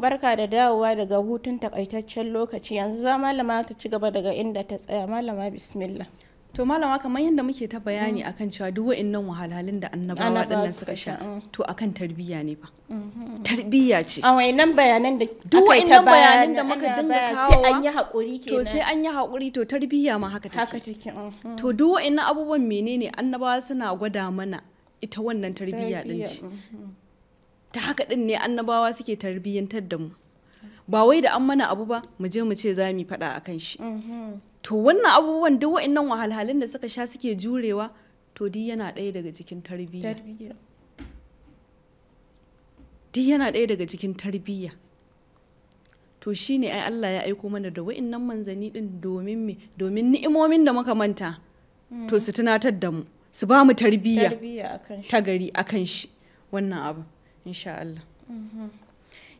barka da dawowa daga hutun takaitaccen lokaci yanzu za malama ta ci gaba daga inda ta tsaya malama bismillah to malama kamar yadda muke ta bayani akan cewa duk wa'annan wahalhalun da annabawa nan suka sha mm. to akan tarbiyya ne fa mm-hmm. tarbiyya ce a wayannan bayanan da duk wa'annan bayanan da muka dinga kawo sai an yi hakuri kenan to sai an yi hakuri to tarbiyya ma haka take haka take mm-hmm. to duk wa'annan abubuwan menene annabawa suna gwada mana ita wannan tarbiyya din ce mm-hmm. ta haka din ne annabawa suke tarbiyyantar da mu ba wai da an mana abu ba mu je mu ce za mu faɗa kan shi to wannan abubuwan duk wa'annan wahalhalun da suka sha suke jurewa to di yana ɗaya daga cikin tarbiyya di yana ɗaya daga cikin tarbiyya to shi ne ai Allah ya aiko mana da wa'annan manzanni din domin me domin ni'imomin da muka manta to su tunatar da mu su ba mu tarbiyya ta gari akan shi wannan abu insha Allah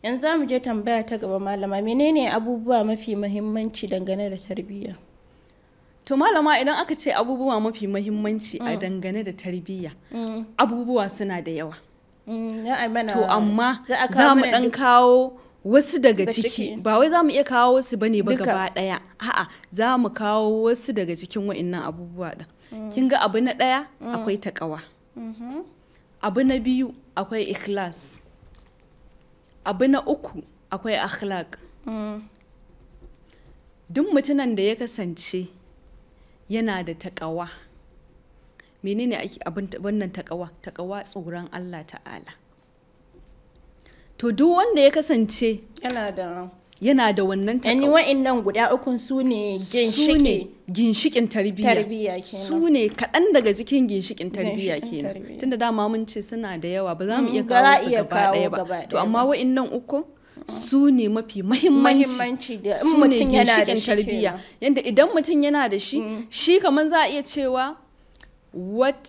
yanzu za mu je tambaya ta gaba malama menene abubuwa mafi mahimmanci dangane da tarbiyya to malama idan aka ce abubuwa mafi mahimmanci a mm. dangane da tarbiyya mm. abubuwa suna da yawa mm, to amma za mu dan kawo wasu daga ciki ba wai za mu iya kawo wasu ba ne ba gaba daya a'a za mu kawo wasu daga cikin wa'annan abubuwa da. kin ga abu na daya akwai takawa mm-hmm. abu na biyu akwai ikhlas abu na uku akwai akhlaq mm. duk mutumin da ya kasance yana da taƙawa menene abin wannan takawa takawa tsoron Allah ta'ala to duk wanda ya kasance yana da yana da wannan takawa. Yani nan guda ukun su ne ginshikin tarbiyya. Su ne kaɗan daga cikin ginshikin tarbiyya kenan. Tunda dama mun ce suna da yawa ba za mu mm, iya kawo su gaba ɗaya ba. To amma nan ukun su ne mafi mahimmanci su ne ginshikin tarbiyya. Yanda idan mutum yana da shi, mm. shi kamar za a iya cewa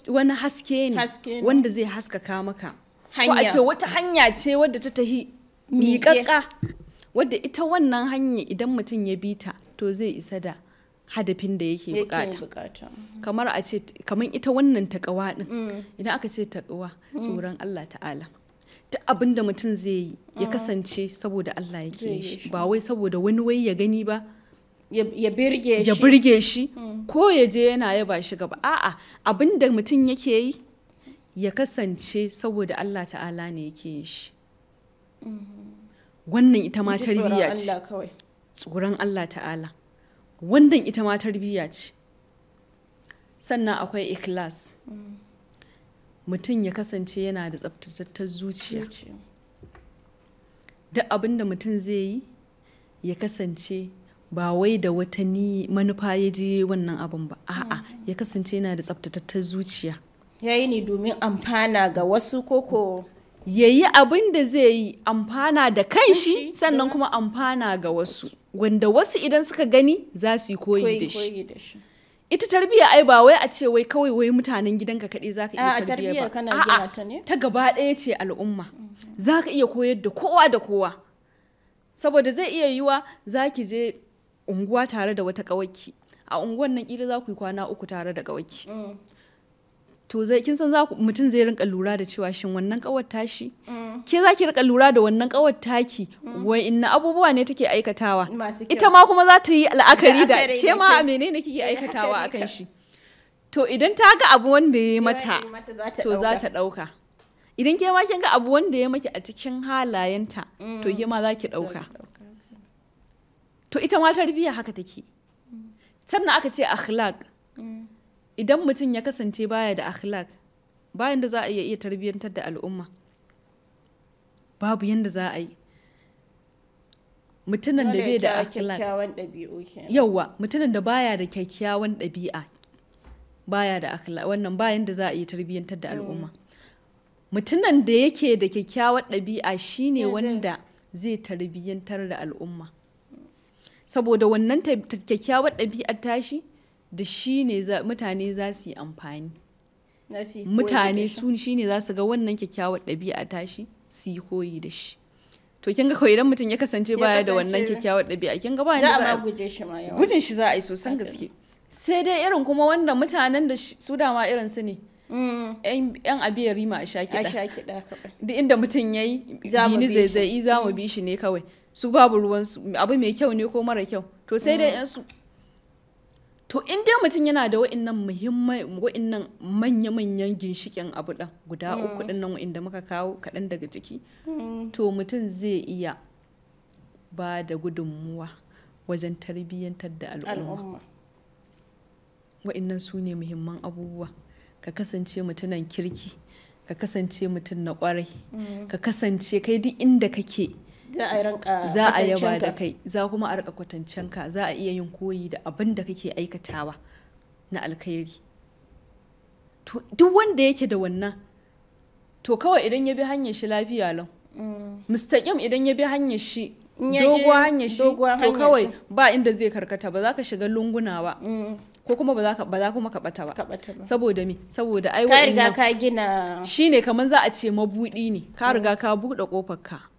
wani haske ne wanda zai haskaka maka. Ko a ce wata hanya ce wadda ta tahi miƙaƙƙa wadda ita wannan hanya idan mutum ya bi ta to zai isa da hadafin da yake bukata kamar a ce kamar ita wannan takawa din mm. idan aka ce takawa mm. tsoron Allah ta'ala ta abin da mutum zai yi ya mm. kasance saboda Allah yake shi ba wai saboda wani wai ya gani ba ya birge shi ya birge shi ko ya je yana yaba shi gaba a'a abin da mutum yake yi ya kasance saboda Allah ta'ala ne yake yin shi mm-hmm. wannan ita ma tarbiyya ce tsoron Allah ta'ala wannan ita ma tarbiyya ce sannan akwai ikilas mutum ya kasance yana da tsaftatattar zuciya duk abin da mutum zai yi ya kasance ba wai da wata manufa ya je wannan abin ba a'a hmm. ya kasance yana da tsaftatattar zuciya ya yi ne domin amfana ga wasu koko ya yi abin da zai yi amfana da kanshi sannan kuma amfana ga wasu wanda wasu idan suka gani za su yi koyi da shi ita tarbiyya ai ba wai a ce wai kawai wai mutanen gidanka kaɗai za ka iya tarbiyya ba a'a ta gaba ɗaya ce al'umma mhm. za ka iya koyar da kowa da kowa saboda zai iya yiwa za ki je unguwa tare da wata ƙawaki a unguwan nan ƙila za ku yi kwana uku tare da ƙawaki mm. to zai kin san za mutum zai rinka lura da cewa shin wannan kawar tashi mm. ke za ki rinka lura da wannan kawar taki mm. inna abubuwa ne take aikatawa ita ma kuma za ta yi la'akari da ke ma a menene kike aikatawa akan shi to idan ta ga abu wanda ya yi mata to za ta ɗauka idan ke ma kin ga abu wanda ya maki a cikin halayenta to mm. ke ma za ki ɗauka to ita ma tarbiyya haka take sannan aka ce akhlaq idan mutum ya kasance baya da akhlaq bayan da za a iya iya tarbiyyantar da al'umma babu yanda za a yi mutunan da bai da akhlaq yawa mutunan da baya da kyakkyawan ɗabi'a baya da akhlaq wannan bayan da za a iya tarbiyyantar da al'umma mm. Mutunan da yake da kyakkyawan ɗabi'a shine wanda zai tarbiyyantar da al'umma saboda wannan kyakkyawar ɗabi'ar tashi da shi ne mutane za su yi amfani mutane su shi ne za su ga wannan kyakkyawar ɗabi'a tashi su yi koyi da shi to kin ga kawai idan mutum ya kasance baya da wannan kyakkyawar ɗabi'a kin ga ba za a guje shi ma yawa gujin shi za a yi sosan gaske sai dai irin kuma wanda mutanen da su dama irin su ne mm. yan abiyar rima a sha kiɗa duk inda mutum ya yi bini zaizai za mu mm. bi shi ne kawai su babu ruwan su. abu mai kyau ne ko mara kyau to sai dai mm. yan su to in dai mutum yana da wa'annan muhimman wa'annan manya-manyan ginshikin abu ɗan guda mm. uku ɗin nan muka kawo kaɗan daga ciki mm. to mutum zai iya ba da gudunmuwa wajen tarbiyyantar da al'umma wa'annan su ne muhimman abubuwa ka kasance mutunan kirki ka kasance mutum na kwarai mm. ka kasance kai duk inda kake za a yaba da kai za kuma a rika kwatancen ka za a iya yin koyi da abin da kake aikatawa na alkhairi to duk wanda yake da wannan to kawai idan ya bi hanyar shi lafiya lau mm. mustaƙim idan ya bi hanyar shi dogo hanyar shi to kawai ba inda zai karkata ba za ka shiga lunguna ba mm. ko kuma ba za ka kuma ka bata ba saboda me saboda ai ka riga ka gina shine kamar za a ce mabudi ne ka mm. riga ka buɗe kofar ka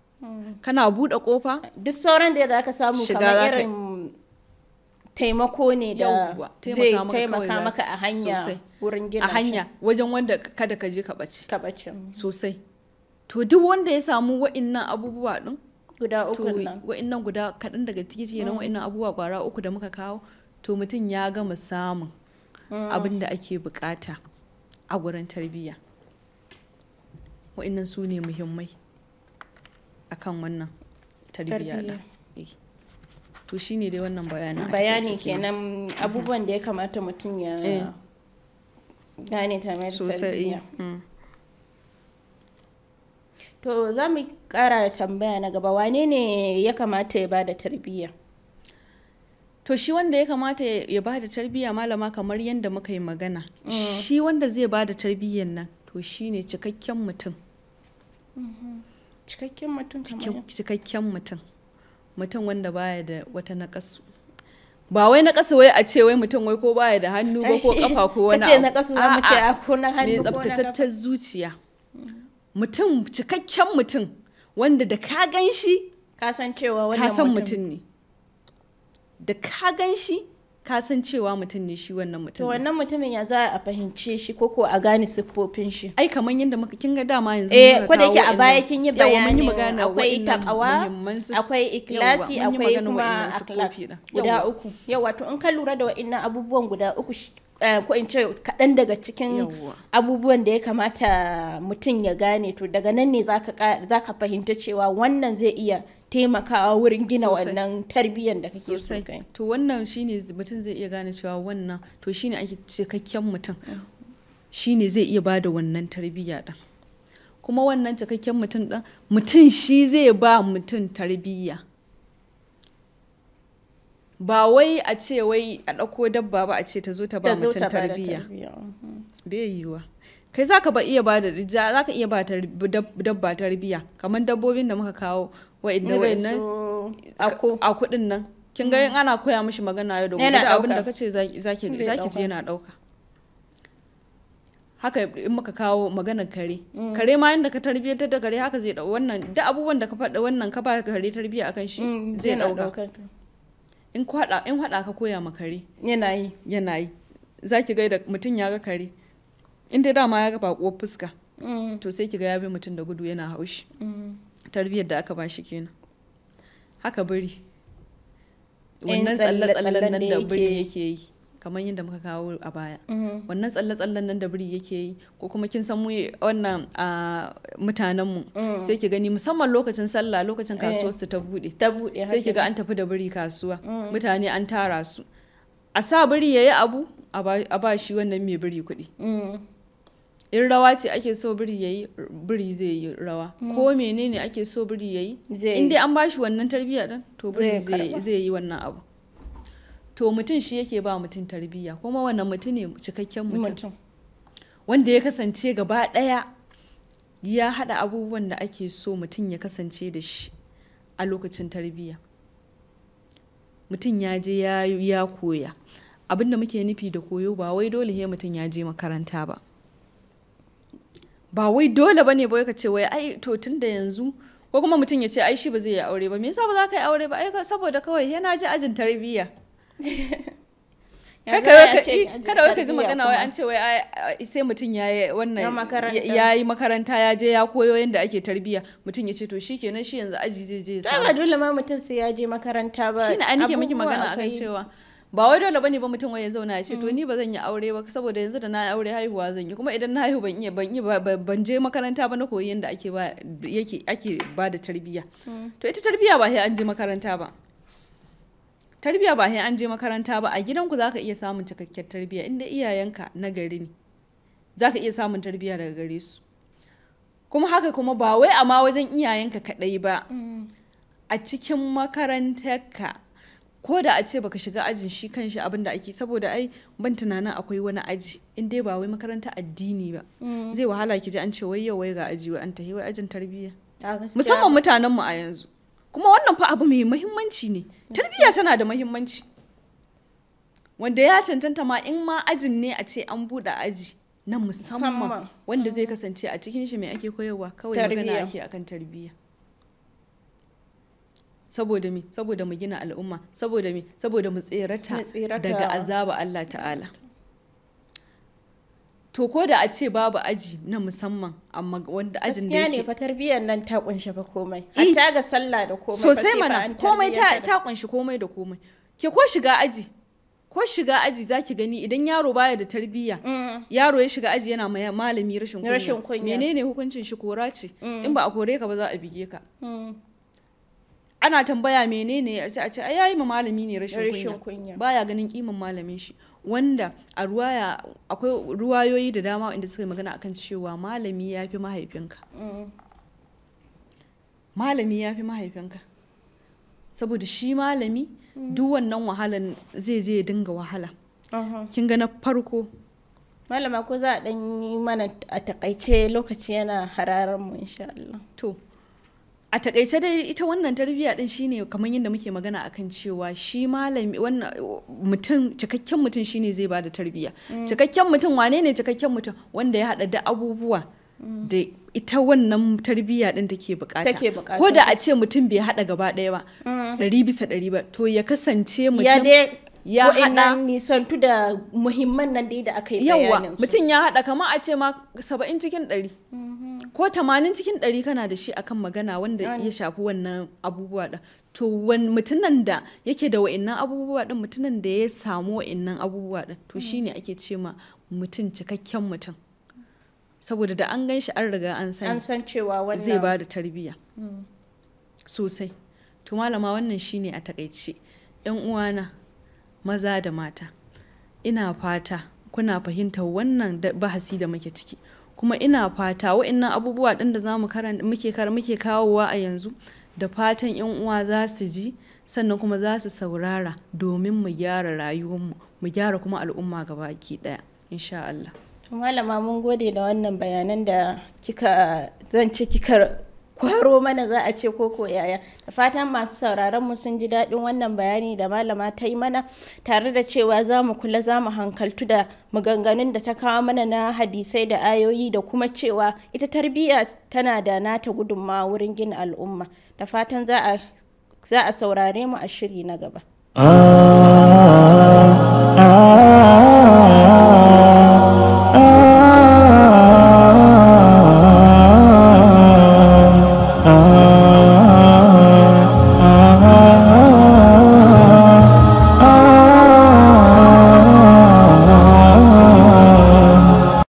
kana buɗe kofa duk sauran da za ka samu kamar irin taimako ne da zai taimaka maka a hanya wurin gina a hanya wajen wanda kada ka je ka bace ka bace mm. sosai to duk wanda ya samu wa'innan abubuwa din guda uku nan wa'innan guda kaɗan daga ciki nan mm. wa'innan abubuwa gwara uku da muka kawo to mutum ya gama samun mm. abin da ake bukata a gurin tarbiyya wa'innan su ne muhimmai akan wannan tarbiyya eh. to shine dai wannan bayanin bayani kenan abubuwan da ya kamata mutum ya eh. gane ta mai eh. tarbiyya mm. to za mu kara da tambaya na gaba wane ne ya kamata ya bada tarbiyya to shi wanda ya kamata ya bada tarbiyya malama kamar yadda muka yi magana mm. shi wanda zai bada tarbiyyan nan to shine cikakken mutum mm-hmm. cikakken mutum cikakken mutum mutum wanda baya da wata nakasu ba wai na wai a ce wai mutum wai ko baya da hannu ba ko kafa ko wani abu na ce za mu ce a ko na hannu ko na kafa. tsaftatattar zuciya mm. mutum cikakken mutum wanda da ka gan shi ka san cewa wannan mutum ne da ka gan shi ka san cewa mutum ne shi wannan mutum wannan mutumin ya za a fahimce shi ko a gane siffofin shi ai kamar yadda muka kin ga dama yanzu eh ko da yake a baya kin yi bayani akwai takawa akwai ikilasi akwai kuma akhlaq guda uku yawa to in ka lura da wa'annan abubuwan guda uku eh, ko in ce kaɗan daga cikin abubuwan da ya kamata mutum ya gane to daga nan ne za ka fahimta cewa wannan zai iya taimakawa wurin gina wannan tarbiyyar da kake so kai to wannan shine mutum zai iya gane cewa wannan to shine ake cikakken mutum mm. shine zai iya bada wannan tarbiyya din kuma wannan cikakken mutum din mutum shi zai ba mutum tarbiyya ba wai a ce wai a ɗauko dabba ba a ce ta zo ta ba mutum tarbiyya mhm. bai yiwa kai za ba iya ba da iya ba dabba tarbiya kamar dabbobin da muka kawo wa'inda wa'innan a kudin nan kin ga in ana koya mishi magana yau da gobe da abin da ce za ki je yana dauka haka in muka kawo maganar kare mm. kare ma yadda ka tarbiyyantar da kare haka zai dauka wannan duk abubuwan da ka faɗa wannan ka ba kare tarbiyya akan shi mm, zai dauka in hada ka koya ma kare yana yi yana yi ki ga da mutum ya ga kare in dai dama ya ga bakuwar fuska mm. to sai kiga ya bi mutum da gudu yana haushi mm. tarbiyyar da aka bashi kenan haka biri eh, wannan tsalle-tsallen nan da biri yake yi kamar yadda muka kawo a baya mm-hmm. wannan tsalle-tsallen nan da biri yake yi ko kuma kin san wannan a mutanenmu mm. sai ki gani musamman lokacin sallah lokacin eh. kasuwar su ta bude sai ki ga an tafi da biri kasuwa mutane an tara su a sa biri yayi abu a ba shi wannan mai biri kuɗi in rawa ce ake so biri yayi biri zai yi rawa mm. ko menene ake so biri yayi in dai an bashi wannan tarbiyya din to biri zai yi wannan abu to mutum shi yake ba mutum tarbiyya kuma wannan mutum ne cikakken mutum wanda ya kasance gaba daya ya hada abubuwan da ake so mutum ya kasance da shi a lokacin tarbiyya mutum ya je ya koya abinda muke nufi da koyo ba wai dole he mutum ya je makaranta ba ba wai dole bane ba ka ce wai ai to tun da yanzu ko kuma mutum ya ce ai shi ba zai yi aure ba me yasa ba za ka yi aure ba ai saboda kawai yana ji ajin tarbiyya kada wai ka ji magana wai an ce wai sai mutum ya yi wannan ya yi makaranta ya je ya koyo yadda ake tarbiyya mutum ya ce to shi kenan shi yanzu aji zai je ya samu dole ma mutum sai ya je makaranta ba shine an nake miki magana akan cewa ba wai dole bane ba mutum wai ya zauna ya to mm. ni ba zan yi aure ba saboda yanzu da na yi aure haihuwa zan yi kuma idan na haihu ban iya ban ban je makaranta ba na koyi yanda ake ba yake ake ba da tarbiyya mm. to ita tarbiyya ba sai an je makaranta ba tarbiyya ba sai an je makaranta ba a gidanku zaka iya samun cikakkiyar tarbiyya inda iyayenka na gari ne zaka iya samun tarbiyya daga gare su kuma haka kuma ba wai a wajen iyayenka kadai ba mm. a cikin makarantarka ko da a ce baka shiga ajin shi kan shi abin da ake saboda ai ban tunanin akwai wani aji in dai ba wai makaranta addini ba mm. zai wahala ki ji an ce wai yau wai ga aji wai an tahi wai ajin tarbiyya musamman mutanen mu a yanzu kuma wannan fa abu mai muhimmanci ne tarbiyya tana da muhimmanci wanda ya cancanta ma in ma ajin ne a ce an buɗe aji na musamman wanda zai mm. kasance a cikin shi mai ake koyarwa kawai magana ake akan tarbiyya saboda mi saboda mu gina al'umma saboda mi saboda mu tserata daga azaba Allah ta'ala to ko da a ce babu aji na musamman amma wanda ajin da yake ne fa tarbiyyar nan ta kunshi fa komai eh. hatta ga sallah da komai sosai mana komai ta ta kunshi komai da komai ke ko shiga aji ko shiga aji zaki gani idan yaro baya da tarbiyya mm. yaro ya shiga aji yana mai malami rashin kunya menene hukuncin shi kora ce mm. in ba a kore ka ba za a bige ka mm. ana tambaya menene a ce a ce yayi ma malami ne rashin kunya baya ganin kimin malamin shi wanda a ruwaya akwai ruwayoyi da dama inda suka yi magana akan cewa malami ya fi mahaifinka mm. malami ya fi mahaifinka saboda shi malami mm. duk wannan wahalan zai je ya dinga wahala uh-huh. kin ga na farko malama ko za a ɗan yi mana a takaice lokaci yana hararar mu insha Allah to a takaice dai ita wannan tarbiyya din shine kamar yadda muke magana akan cewa shi malami cikakken mutum shine zai bada tarbiyya mm. cikakken mutum wane ne cikakken mutum wanda ya hada da abubuwa mm. da ita wannan tarbiyya din take bukata ko da a ce mutum bai hada gaba daya ba mm. ɗari bisa ɗari ba to ya kasance mutum ya hada nisantu da muhimman nan dai da aka yi yawa mutum ya hada kamar a ce ma 70 cikin 100 mm-hmm. ko 80 cikin 100 kana da shi akan magana wanda ya shafi wannan abubuwa da to wani mutunan da yake da wa'annan abubuwa din mutunan da ya samu wa'annan abubuwa din to mm. shine ake ce ma mutum cikakken mutum saboda da an gan shi an riga an sani an san cewa wannan zai bada tarbiyya mm. sosai to malama wannan shine a takaice yan uwana maza da mata ina fata kuna fahimtar wannan bahasi da muke ciki kuma ina fata wa'annan abubuwa ɗin da za mu muke muke kawowa a yanzu da fatan yan uwa za su ji sannan kuma za su saurara domin mu gyara rayuwarmu mu gyara kuma al'umma gabaki ɗaya insha Allah malama mun gode da wannan bayanan da kika zan ce kika kwaro mana za a ce koko yaya da fatan masu sauraron mu sun ji daɗin wannan bayani da malama ta yi mana tare da cewa za mu kula za mu hankaltu da maganganun da ta kawo mana na hadisai da ayoyi da kuma cewa ita tarbiyya tana da nata gudunmawa wurin gina al'umma da fatan za a saurare mu a shiri na gaba. Ah, ah,